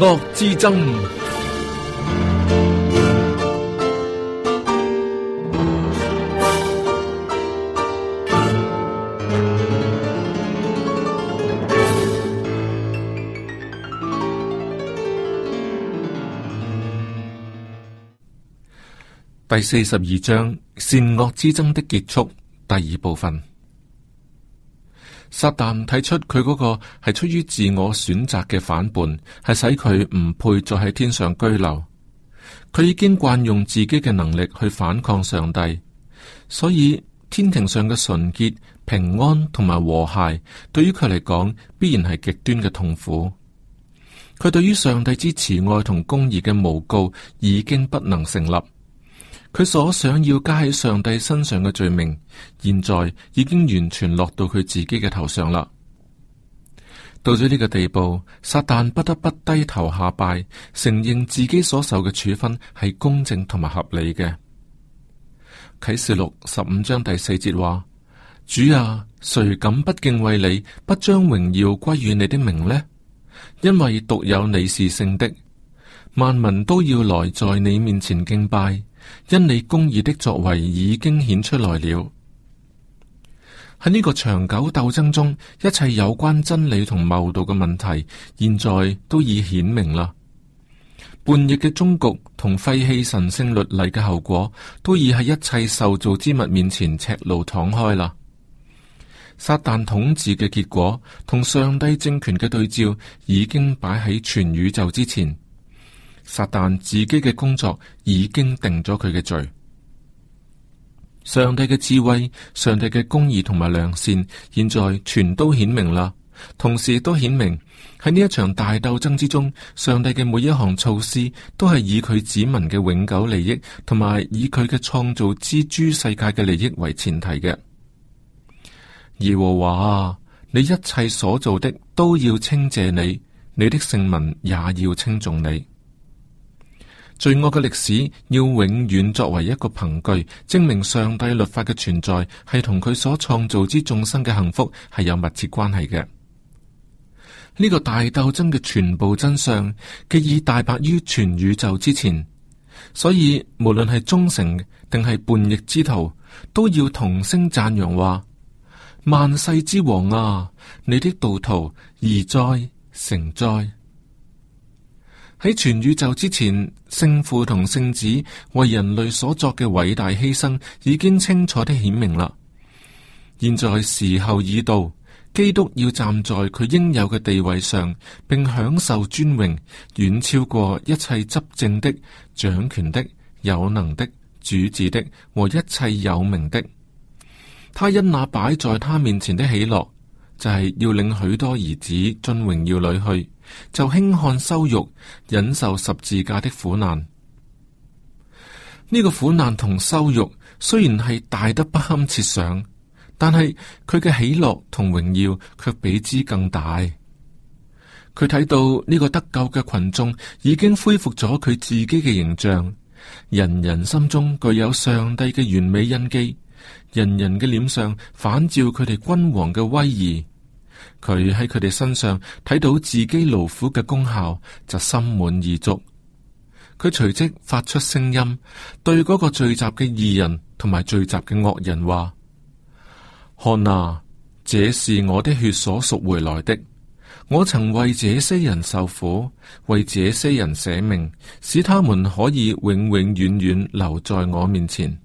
惡之爭，第四十二章，善惡之爭的結束第二部分。撒旦睇出佢嗰個係出於自我選擇嘅反叛，係使佢唔配再喺天上居留。佢已經慣用自己嘅能力去反抗上帝，所以天庭上嘅純潔、平安同埋和諧，對於佢嚟講必然係極端嘅痛苦。佢對於上帝之慈愛同公義嘅誣告已經不能成立。佢所想要加喺上帝身上嘅罪名，現在已經完全落到佢自己嘅頭上啦。到咗呢個地步，撒旦不得不低頭下拜，承認自己所受嘅處分係公正同埋合理嘅。啟示録十五章第四節話：主啊，誰敢不敬畏你，不將榮耀歸於你的名呢？因為獨有你是聖的，萬民都要來在你面前敬拜。因你公義的作為已經顯出來了，喺呢個長久鬥爭中，一切有關真理同謬道嘅問題，現在都已顯明啦。叛逆嘅終局同廢棄神聖律例嘅後果，都已喺一切受造之物面前赤露敞開啦。撒旦統治嘅結果同上帝政權嘅對照，已經擺喺全宇宙之前。撒旦自己嘅工作已經定咗佢嘅罪。上帝嘅智慧、上帝嘅公義同埋良善，現在全都顯明啦。同時亦都顯明，喺呢一場大鬥爭之中，上帝嘅每一項措施都係以佢子民嘅永久利益同埋以佢嘅創造之諸世界嘅利益為前提嘅。耶和華你一切所做的都要稱謝你，你的聖民也要稱頌你。罪惡嘅歷史要永遠作為一個憑據，證明上帝律法嘅存在係同佢所創造之眾生嘅幸福係有密切關係嘅。呢個大鬥爭嘅全部真相，既已大白於全宇宙之前，所以無論係忠誠定係叛逆之徒，都要同聲讚揚話：「萬世之王啊！你的道途義哉，誠哉！」喺全宇宙之前，聖父同聖子為人類所作嘅偉大犧牲已經清楚地顯明啦。現在時候已到，基督要站在佢應有嘅地位上，並享受尊榮，遠超過一切執政的、掌權的、有能的、主治的和一切有名的。他因那擺在他面前的喜樂，就係、是、要領許多兒子進榮耀裏去。就輕看羞辱，忍受十字架的苦難。呢個苦難同羞辱雖然係大得不堪設想，但係佢嘅喜樂同榮耀卻比之更大。佢睇到呢個得救嘅群眾已經恢復咗佢自己嘅形象，人人心中具有上帝嘅完美印記，人人嘅臉上反照佢哋君王嘅威儀。佢喺佢哋身上睇到自己勞苦嘅功效，就心滿意足。佢隨即發出聲音，對嗰個聚集嘅義人同埋聚集嘅惡人話：看哪，這是我的血所贖回來的。我曾為這些人受苦，為這些人捨命，使他們可以永永遠遠，遠留在我面前。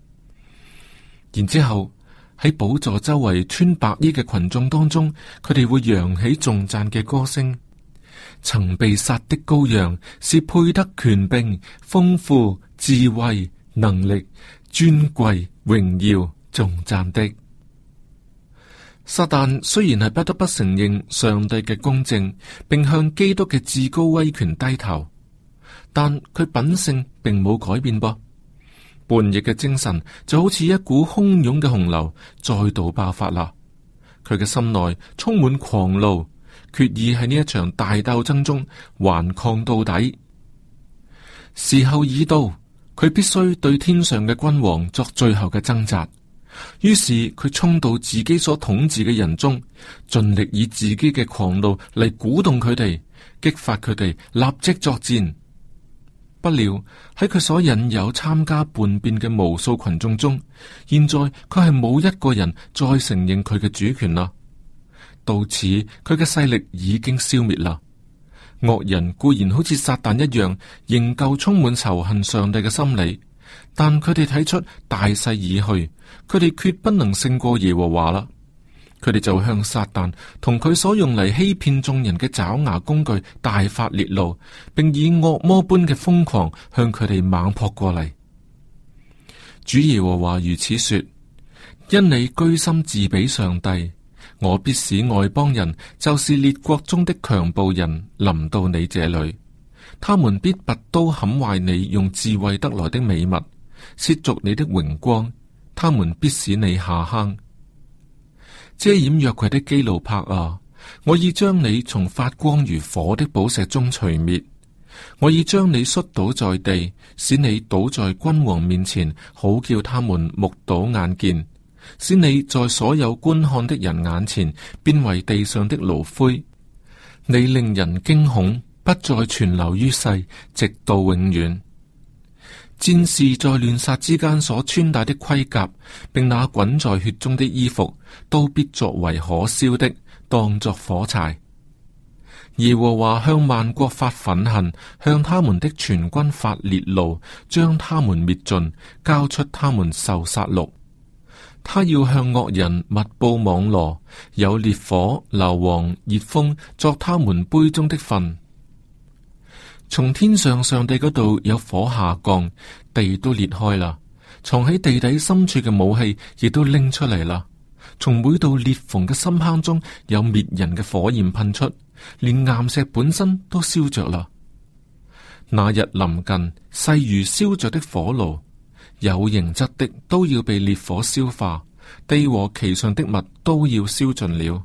然之後。喺寶座周圍穿白衣嘅群眾當中，佢哋會揚起頌讚嘅歌聲。曾被殺的羔羊是配得權柄、豐富、智慧、能力、尊貴、榮耀、頌讚的。撒旦雖然係不得不承認上帝嘅公正，並向基督嘅至高威權低頭，但佢品性並冇改變噃。叛逆嘅精神就好似一股洶湧嘅洪流，再度爆發啦！佢嘅心內充滿狂怒，決意喺呢一場大鬥爭中頑抗到底。時候已到，佢必須對天上嘅君王作最後嘅掙扎。於是佢衝到自己所統治嘅人中，盡力以自己嘅狂怒嚟鼓動佢哋，激發佢哋立即作戰。不料喺佢所引誘參加叛變嘅無數群眾中，現在佢係冇一個人再承認佢嘅主權啦。到此，佢嘅勢力已經消滅啦。惡人固然好似撒旦一樣，仍舊充滿仇恨上帝嘅心理，但佢哋睇出大勢已去，佢哋決不能勝過耶和華啦。佢哋就向撒旦同佢所用嚟欺騙眾人嘅爪牙工具大發烈怒，並以惡魔般嘅瘋狂向佢哋猛撲過嚟。主耶和華如此說：因你居心自比上帝，我必使外邦人，就是列國中的強暴人，臨到你這裏，他們必拔刀砍壞你用智慧得來的美物，褻瀆你的榮光，他們必使你下坑。遮掩約櫃的基路伯啊！我已將你從發光如火的寶石中除滅，我已將你摔倒在地，使你倒在君王面前，好叫他們目睹眼見，使你在所有觀看的人眼前變為地上的爐灰。你令人驚恐，不再存留於世，直到永遠。戰士在亂殺之間所穿戴的盔甲，並那滾在血中的衣服，都必作為可燒的，當作火柴。耶和華向萬國發忿恨，向他們的全軍發烈怒，將他們滅盡，交出他們受殺戮。他要向惡人密布網羅，有烈火、硫磺、熱風作他們杯中的分。從天上、上帝嗰度有火下降，地都裂開啦。藏喺地底深處嘅武器亦都拎出嚟啦。從每道裂縫嘅深坑中有滅人嘅火焰噴出，連岩石本身都燒着啦。那日臨近，勢如燒着的火爐，有形質的都要被烈火消化，地和其上的物都要燒盡了。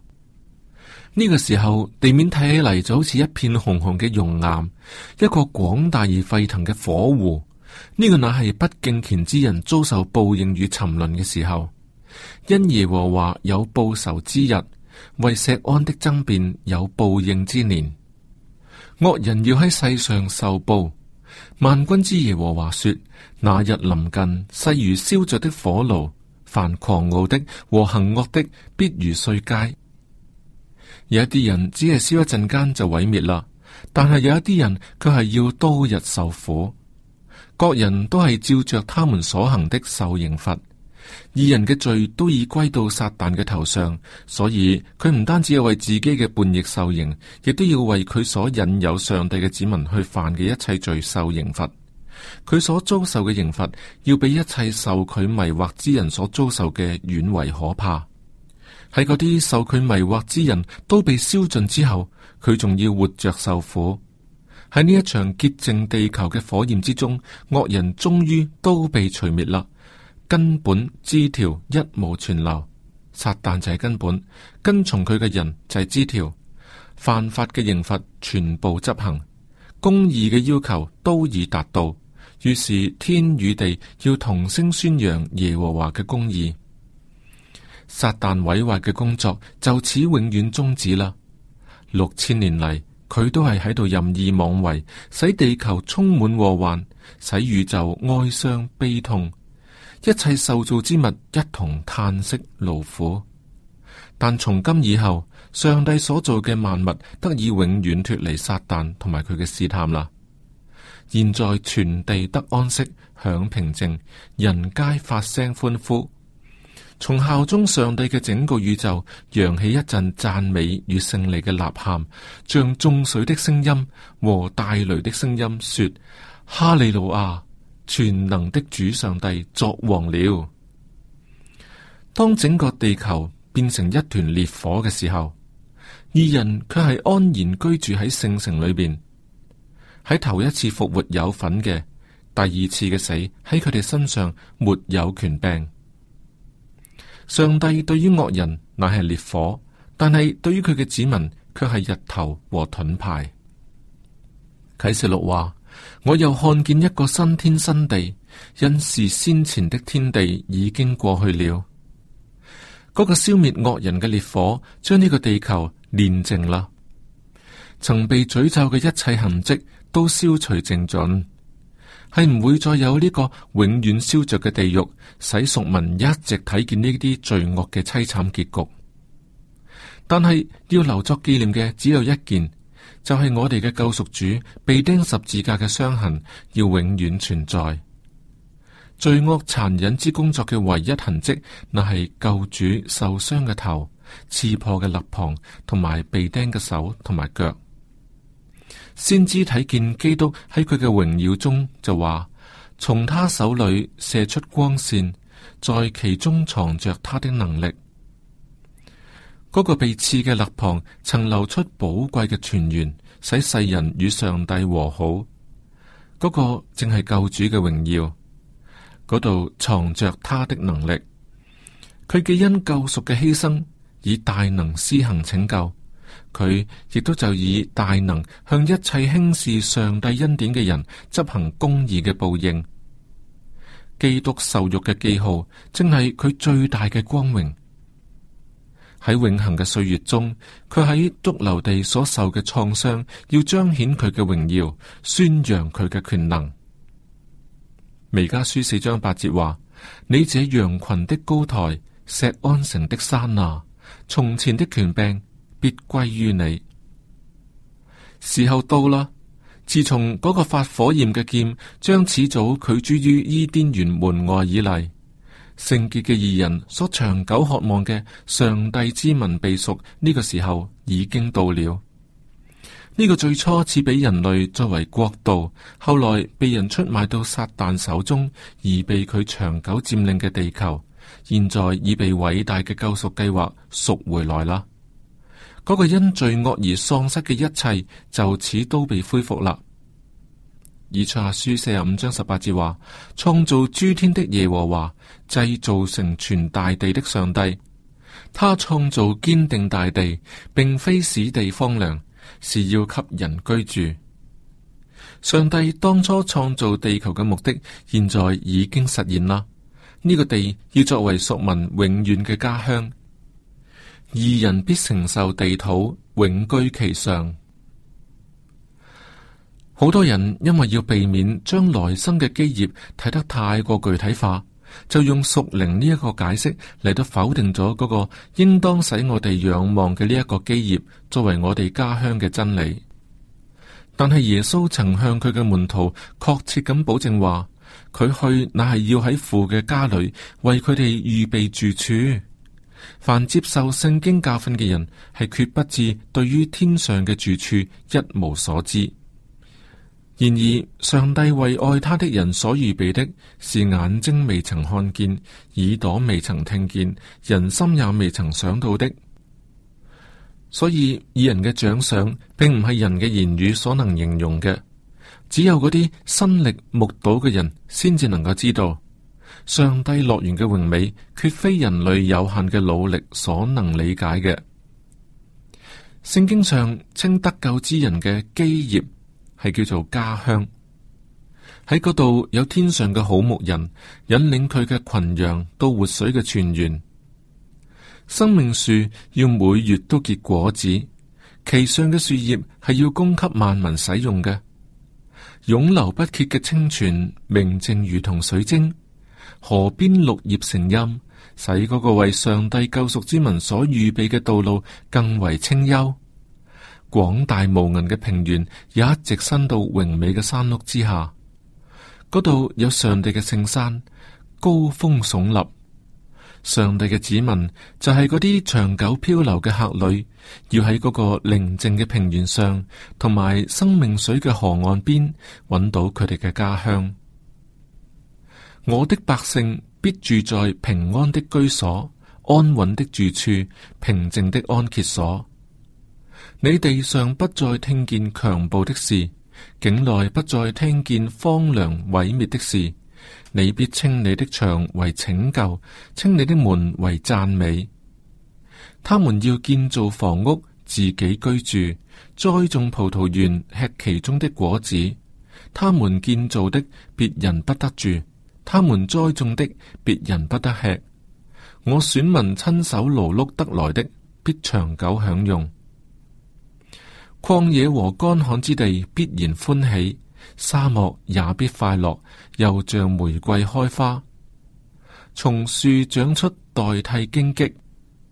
呢個時候，地面睇起嚟就好似一片紅紅嘅熔岩，一個廣大而沸騰嘅火湖。呢、這個乃係不敬虔之人遭受報應與沉淪嘅時候。因耶和華有報仇之日，為錫安的爭辯有報應之年。惡人要喺世上受報。萬軍之耶和華說：那日臨近，勢如燒着的火爐。凡狂傲的和行惡的，必如碎街。」有一啲人只係燒一陣間就毀滅啦，但係有一啲人佢係要多日受苦，各人都係照着他們所行的受刑罰，二人嘅罪都已歸到撒旦嘅頭上，所以佢唔單止係為自己嘅叛逆受刑，亦都要為佢所引誘上帝嘅子民去犯嘅一切罪受刑罰，佢所遭受嘅刑罰要比一切受佢迷惑之人所遭受嘅遠為可怕。喺嗰啲受佢迷惑之人都被燒盡之後，佢仲要活着受苦。喺呢一場潔淨地球嘅火焰之中，惡人終於都被除滅啦，根本枝條一無存留。撒旦就係根本，跟從佢嘅人就係枝條。犯法嘅刑罰全部執行，公義嘅要求都已達到。於是天與地要同聲宣揚耶和華嘅公義。撒旦毀壞嘅工作就此永遠終止啦。六千年嚟，佢都係喺度任意妄為，使地球充滿禍患，使宇宙哀傷悲痛，一切受造之物一同嘆息勞苦。但從今以後，上帝所做所造嘅萬物得以永遠脫離撒旦同埋佢嘅試探啦。現在全地得安息，享平靜，人皆發聲歡呼。從效忠上帝嘅整個宇宙揚起一陣讚美與勝利嘅吶喊，像眾水的聲音和大雷的聲音，說：哈利路亞！全能的主上帝作王了。當整個地球變成一團烈火嘅時候，二人卻係安然居住喺聖城裏邊。喺頭一次復活有份嘅第二次嘅死喺佢哋身上沒有權柄。上帝對於惡人乃係烈火，但係對於佢嘅子民卻係日頭和盾牌。啟示錄話：我又看見一個新天新地，因是先前的天地已經過去了。嗰、那個消滅惡人嘅烈火，將呢個地球煉淨啦，曾被詛咒嘅一切痕跡都消除淨盡。係唔會再有呢個永遠燒着嘅地獄，使屬民一直睇見呢啲罪惡嘅淒慘結局。但係要留作紀念嘅只有一件，就係、是、我哋嘅救贖主被釘十字架嘅傷痕要永遠存在。罪惡殘忍之工作嘅唯一痕跡，那係救主受傷嘅頭、刺破嘅肋旁，同埋被釘嘅手同埋腳。先知睇見基督喺佢嘅榮耀中，就話：從他手裏射出光線，在其中藏着他的能力。嗰、那個被刺嘅肋旁曾流出寶貴嘅泉源，使世人與上帝和好。嗰、那個正係救主嘅榮耀，嗰度藏着他的能力。佢既因救贖嘅犧牲，以大能施行拯救。佢亦都就以大能向一切輕視上帝恩典嘅人執行公義嘅報應。基督受辱嘅記號，正係佢最大嘅光榮。喺永恒嘅歲月中，佢喺髑髏地所受嘅創傷，要彰顯佢嘅榮耀，宣揚佢嘅權能。彌迦書四章八節話：「你這羊群的高台，錫安城的山啊，從前的權柄。必歸於你。時候到啦。自從嗰個發火焰嘅劍將始祖拒諸於伊甸園門外以嚟，聖潔嘅二人所長久渴望嘅上帝之民被贖呢、這個時候已經到了。呢、這個最初似俾人類作為國度，後來被人出賣到撒旦手中而被佢長久佔領嘅地球，現在已被偉大嘅救贖計劃贖回來啦。嗰個因罪惡而喪失嘅一切，就此都被恢復啦。以創下書四十五章十八節話：創造諸天的耶和華，製造成全大地的上帝，他創造堅定大地，並非使地荒涼，是要給人居住。上帝當初創造地球嘅目的，現在已經實現啦。呢、這個地要作為屬民永遠嘅家鄉。二人必承受地土，永居其上。好多人因為要避免將來生嘅基業睇得太過具體化，就用屬靈呢一個解釋嚟到否定咗嗰個應當使我哋仰望嘅呢一個基業作為我哋家鄉嘅真理。但係耶穌曾向佢嘅門徒確切咁保證話，佢去乃係要喺父嘅家裏為佢哋預備住處。凡接受聖經教訓嘅人，係決不至對於天上嘅住處一無所知。然而，上帝為愛他的人所預備的，是眼睛未曾看見，耳朵未曾聽見，人心也未曾想到的。所以，以人嘅長相，並唔係人嘅言語所能形容嘅，只有嗰啲身歷目睹嘅人，先至能夠知道。上帝樂園嘅榮美，絕非人類有限嘅努力所能理解嘅。聖經上稱得救之人嘅基業係叫做家鄉，喺嗰度有天上嘅好牧人引領佢嘅群羊到活水嘅泉源。生命樹要每月都結果子，其上嘅樹葉係要供給萬民使用嘅。湧流不竭嘅清泉，明淨如同水晶。河邊綠葉成蔭，使嗰個為上帝救贖之民所預備嘅道路更為清幽。廣大無垠嘅平原也一直伸到榮美嘅山麓之下。嗰度有上帝嘅聖山，高峰聳立。上帝嘅子民就係嗰啲長久漂流嘅客旅，要喺嗰個寧靜嘅平原上，同埋生命水嘅河岸邊，搵到佢哋嘅家鄉。我的百姓必住在平安的居所，安穩的住處，平靜的安歇所。你地上不再聽見強暴的事，境內不再聽見荒涼毀滅的事。你必稱你的牆為拯救，稱你的門為讚美。他們要建造房屋，自己居住；栽種葡萄園，吃其中的果子。他們建造的，別人不得住。他們栽種的，別人不得，得吃。我選民親手勞碌得來的，必長久享用。曠野和乾旱之地必然歡喜，沙漠也必快樂，又像玫瑰開花。松樹長出代替荊棘，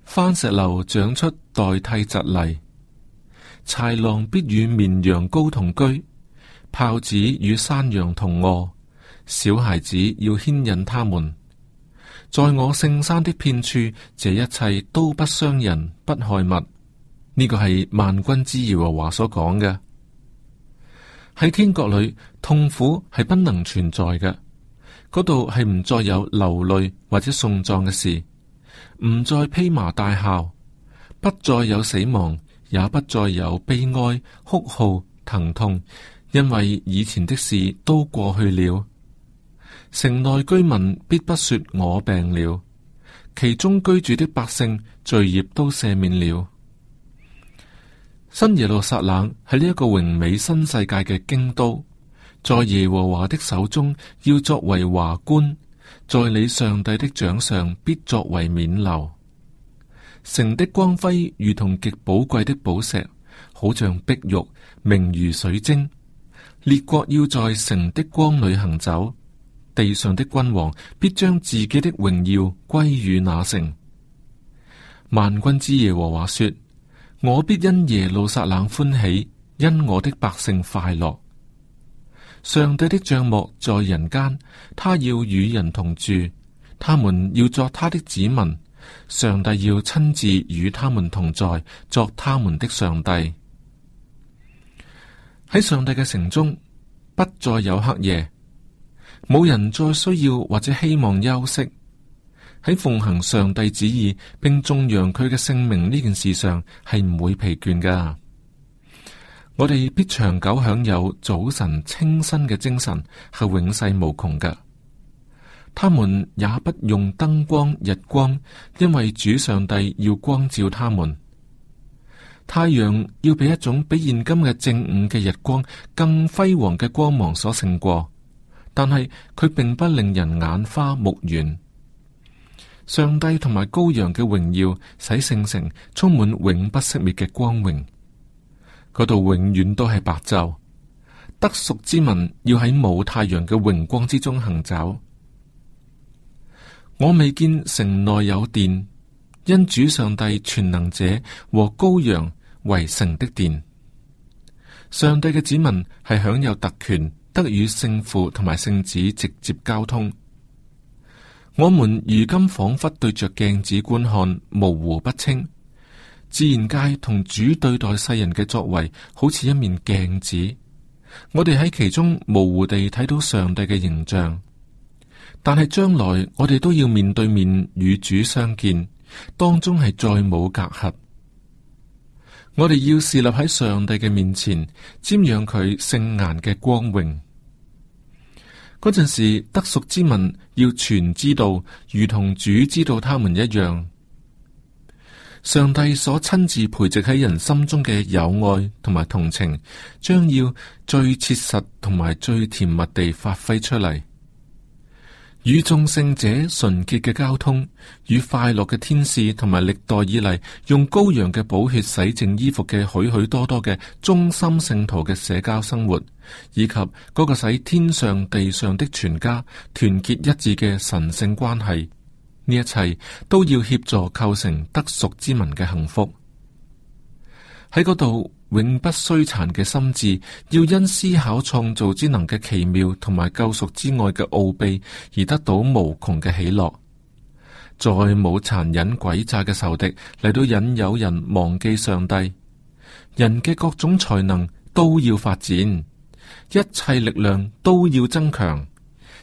番石榴長出代替蒺藜。豺狼必與綿羊羔同居，豹子與山羊同臥。小孩子要牽引他們，在我聖山的片處，這一切都不傷人不害物。呢、這個係萬軍之耶和華所講嘅。喺天國裏，痛苦係不能存在嘅，嗰度係唔再有流淚或者送葬嘅事，唔再披麻戴孝，不再有死亡，也不再有悲哀、哭號、疼痛，因為以前的事都過去了。城內居民必不說我病了，其中居住的百姓罪孽都赦免了。新耶路撒冷喺呢一個榮美新世界嘅京都，在耶和華的手中要作為華冠，在你上帝的掌上必作為冕旒。城的光輝如同極寶貴的寶石，好像碧玉，明如水晶。列國要在城的光裏行走。地上的君王必將自己的榮耀歸於那城。萬軍之耶和華說：我必因耶路撒冷歡喜，因我的百姓快樂。上帝的帳幕在人間，他要與人同住，他們要作他的子民。上帝要親自與他們同在，作他們的上帝。喺上帝嘅城中，不再有黑夜。冇人再需要或者希望休息，喺奉行上帝旨意並頌揚佢嘅聖名呢件事上係唔會疲倦噶。我哋必長久享有早晨清新嘅精神，係永世無窮噶。他們也不用燈光日光，因為主上帝要光照他們。太陽要被一種比現今嘅正午嘅日光更輝煌嘅光芒所勝過。但係佢並不令人眼花目眩。上帝同埋羔羊嘅榮耀，使聖城充滿永不熄滅嘅光榮。嗰度永遠都係白晝。得贖之民要喺冇太陽嘅榮光之中行走。我未見城內有殿，因主上帝全能者和羔羊為城的殿。上帝嘅子民係享有特權。得與聖父同埋聖子直接交通，我們如今仿佛對着鏡子觀看，模糊不清。自然界同主對待世人嘅作為，好似一面鏡子，我哋喺其中模糊地睇到上帝嘅形象。但係將來我哋都要面對面與主相見，當中係再冇隔閡。我哋要侍立喺上帝嘅面前，瞻仰佢聖顏嘅光榮。嗰陣時，得贖之民要全知道，如同主知道他們一樣。上帝所親自培植喺人心中嘅友愛同埋同情，將要最切實同埋最甜蜜地發揮出嚟。與眾聖者純潔嘅交通，與快樂嘅天使，同埋歷代以嚟用羔羊嘅寶血洗淨衣服嘅許許多多嘅忠心聖徒嘅社交生活，以及嗰個使天上地上的全家團結一致嘅神聖關係，呢一切都要協助構成得贖之民嘅幸福喺嗰度。永不衰殘嘅心智，要因思考創造之能嘅奇妙，同埋救贖之愛嘅奧秘而得到無窮嘅喜樂。再冇殘忍詭詐嘅仇敵嚟到引誘人忘記上帝。人嘅各種才能都要發展，一切力量都要增強。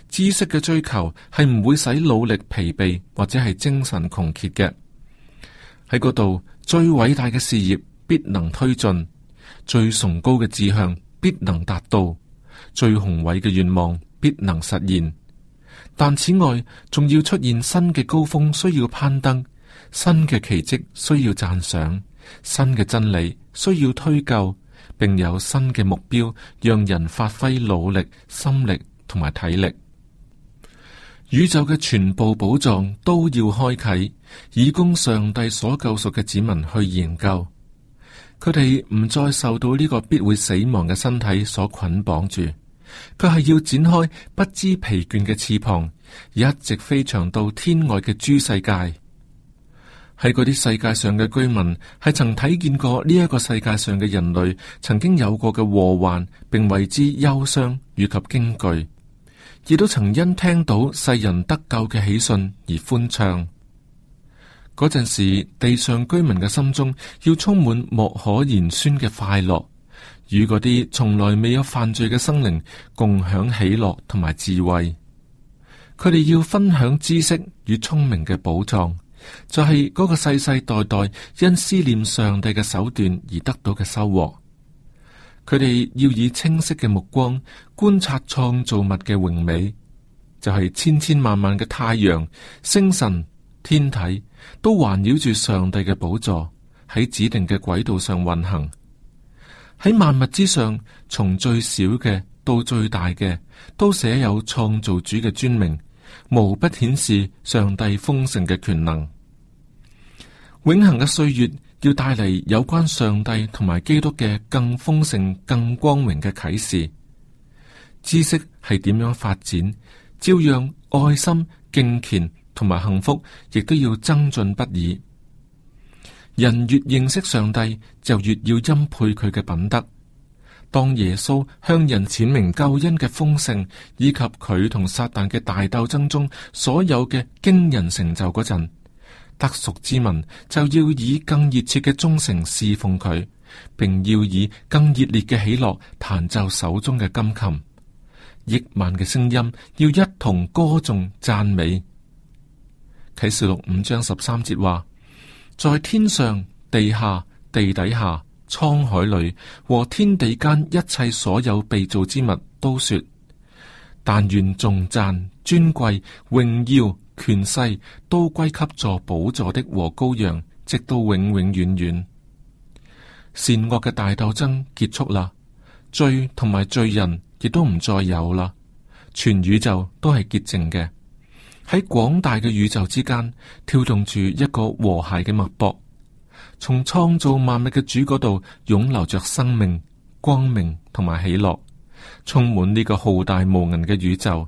知識嘅追求係唔會使努力疲憊，或者係精神窮竭嘅。喺嗰度最偉大嘅事業。必能推進，最崇高嘅志向必能達到，最宏偉嘅願望必能實現。但此外，仲要出現新嘅高峰，需要攀登，新嘅奇蹟需要讚賞，新嘅真理需要推究，並有新嘅目標，讓人發揮努力、心力同埋體力。宇宙嘅全部寶藏都要開啟，以供上帝所救贖嘅子民去研究。佢哋唔再受到呢個必會死亡嘅身體所捆綁住，佢係要展開不知疲倦嘅翅膀，一直飛翔到天外嘅諸世界。喺嗰啲世界上嘅居民，係曾睇見過呢一個世界上嘅人類曾經有過嘅禍患，並為之憂傷以及驚懼，亦都曾因聽到世人得救嘅喜訊而歡唱。嗰陣時，地上居民嘅心中要充滿莫可言宣嘅快樂，與嗰啲從來未有犯罪嘅生靈共享喜樂同埋智慧。佢哋要分享知識與聰明嘅寶藏，就係嗰個世世代代因思念上帝嘅手段而得到嘅收穫。佢哋要以清晰嘅目光觀察創造物嘅榮美，就係千千萬萬嘅太陽、星辰。天體都環繞住上帝嘅寶座，喺指定嘅軌道上運行。喺萬物之上，從最小嘅到最大嘅，都寫有創造主嘅尊名，無不顯示上帝豐盛嘅權能。永恒嘅歲月要帶嚟有關上帝同埋基督嘅更豐盛、更光榮嘅啟示。知識係點樣發展，照樣愛心敬虔，同埋幸福，亦都要增進不已。人越認識上帝，就越要欽佩佢嘅品德。當耶穌向人闡明救恩嘅豐盛，以及佢同撒旦嘅大鬥爭中所有嘅驚人成就嗰陣，得贖之民就要以更熱切嘅忠誠侍奉佢，並要以更熱烈嘅喜樂彈奏手中嘅金琴，億萬嘅聲音要一同歌頌讚美。啟示錄五章十三節話：在天上、地下、地底下、滄海裡和天地間一切所有被造之物，都說：但願頌讚、尊貴、榮耀、權勢都歸給坐寶座的和羔羊，直到永永遠遠。善惡嘅大鬥爭結束啦，罪同埋罪人亦都唔再有啦，全宇宙都係潔淨嘅。喺廣大嘅宇宙之間，跳動住一個和諧嘅脈搏，從創造萬物嘅主嗰度湧流着生命、光明同埋喜樂，充滿呢個浩大無垠嘅宇宙。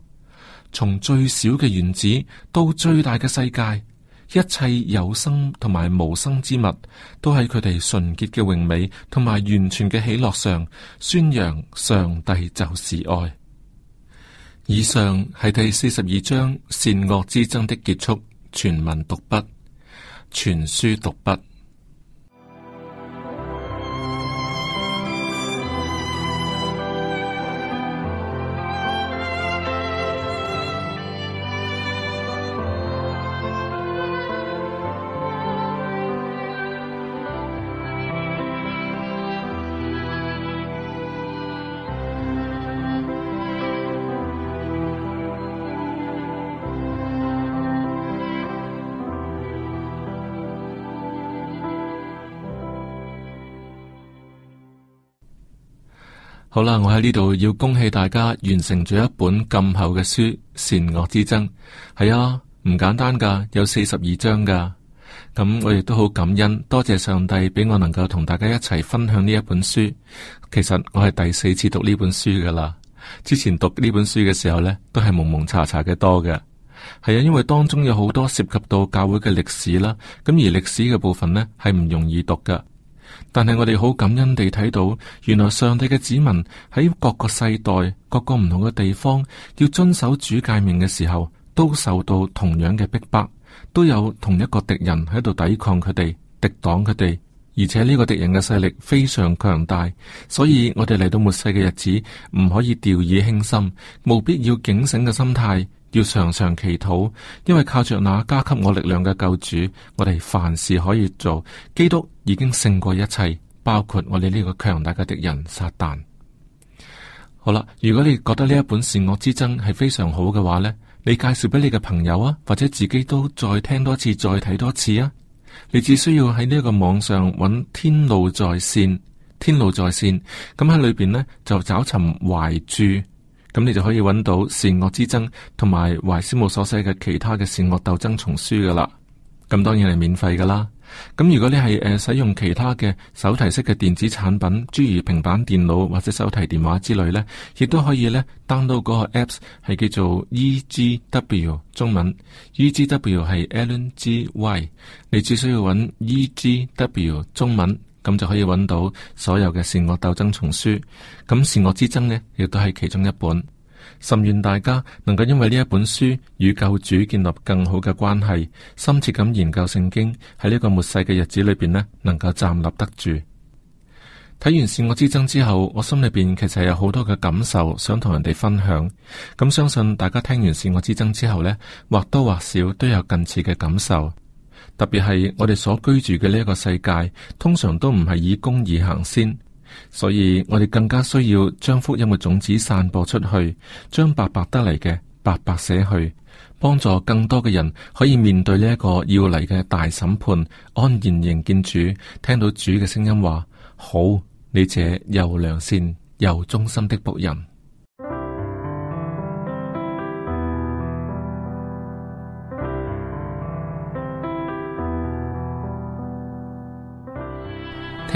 從最小嘅原子到最大嘅世界，一切有生同埋無生之物，都喺佢哋純潔嘅榮美同埋完全嘅喜樂上宣揚上帝就是愛。以上係第四十二章善惡之爭的結束全文讀畢，全書讀畢。好啦，我喺呢度要恭喜大家完成咗一本咁厚嘅書《善惡之爭》，係啊，唔簡單噶，有四十二章噶。咁我亦都好感恩，多謝上帝俾我能夠同大家一齊分享呢一本書。其實我係第四次讀呢本書噶啦，之前讀呢本書嘅時候呢，都係蒙蒙查查嘅多嘅。係啊，因為當中有好多涉及到教會嘅歷史啦，咁而歷史嘅部分呢，係唔容易讀噶。但係我哋好感恩地睇到，原來上帝嘅子民喺各個世代、各個唔同嘅地方，要遵守主誡命嘅時候，都受到同樣嘅逼迫，都有同一個敵人喺度抵抗佢哋、敵擋佢哋，而且呢個敵人嘅勢力非常強大，所以我哋嚟到末世嘅日子，唔可以掉以輕心，冇必要警醒嘅心態。要常常祈禱，因為靠着那加給我力量嘅救主，我哋凡事可以做。基督已經勝過一切，包括我哋呢個強大嘅敵人撒旦。好啦，如果你覺得呢一本善惡之爭係非常好嘅話，呢你介紹俾你嘅朋友啊，或者自己都再聽多次、再睇多次啊。你只需要喺呢一個網上揾天路在線，天路在線，咁喺裏邊呢，就找尋懷著。咁你就可以揾到善惡之爭同埋懷師母所寫嘅其他嘅善惡鬥爭叢書噶啦。咁當然係免費噶啦。咁如果你係誒、呃、使用其他嘅手提式嘅電子產品，諸如平板電腦或者手提電話之類呢，亦都可以呢 download 嗰個 apps，係叫做 E G W 中文 E G W 係 L N G Y，你只需要揾 E G W 中文。咁就可以揾到所有嘅善惡鬥爭叢書，咁善惡之爭呢，亦都係其中一本。甚願大家能夠因為呢一本書與救主建立更好嘅關係，深切咁研究聖經，喺呢個末世嘅日子裏邊呢，能夠站立得住。睇完善惡之爭之後，我心裏邊其實有好多嘅感受想同人哋分享。咁相信大家聽完善惡之爭之後呢，或多或少都有近似嘅感受。特別係我哋所居住嘅呢一個世界，通常都唔係以公義行先，所以我哋更加需要將福音嘅種子散播出去，將白白得嚟嘅白白捨去，幫助更多嘅人可以面對呢一個要嚟嘅大審判，安然迎見主，聽到主嘅聲音話：好，你這又良善又忠心的僕人。